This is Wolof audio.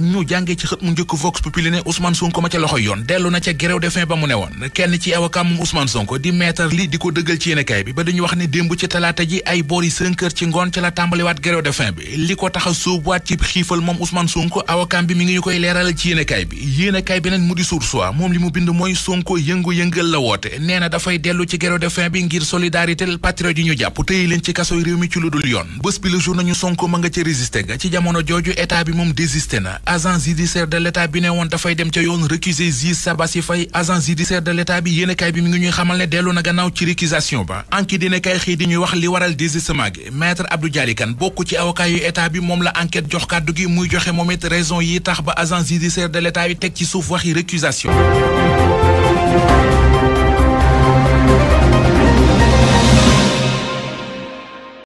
ñu jàngee ci xët mu njëkk Vox Populi ne Ousmane Sonko ma ca loxoy yoon dellu na ca grève de fin ba mu ne woon kenn ci avocat moom Ousmane Sonko di maître li di ko dëggal ci yéenekaay bi ba dañu wax ne démb ci talaata ji ay boori cinq heures ci ngoon ci la tàmbaliwaat grève de fin bi li ko tax a sóobuwaat ci xiifal moom Ousmane Sonko avocat bi mi ngi ñu koy leeralal ci yéenekaay bi yéenekaay beneen mu di Source A moom li mu bind mooy Sonko yëngu-yëngal la woote nee dellu ci grève de bi ngir solidarité patriote yi ñu jàpp ci kasoy réew mi ci lu dul yoon bés bi ma nga ca résisté ga ci jamono jooju état bi moom désisté na agent judiciaire de l'état bi ne woon dafay dem ca yoon récuser juge Sabassy fay agent judiciaire de l'état bi yéenekaay bi mi ngi ñuy xamal ne dellu na gannaaw ci récusation ba enquête yéenekaay xëy di ñuy wax li waral désistement gi maître Abdou Dialy Kane bokk ci avocat yu état bi moom la enquête jox kàddu gi muy joxe moom it raison yi tax ba agent judiciaire de l'état bi teg ci suuf waxi récusation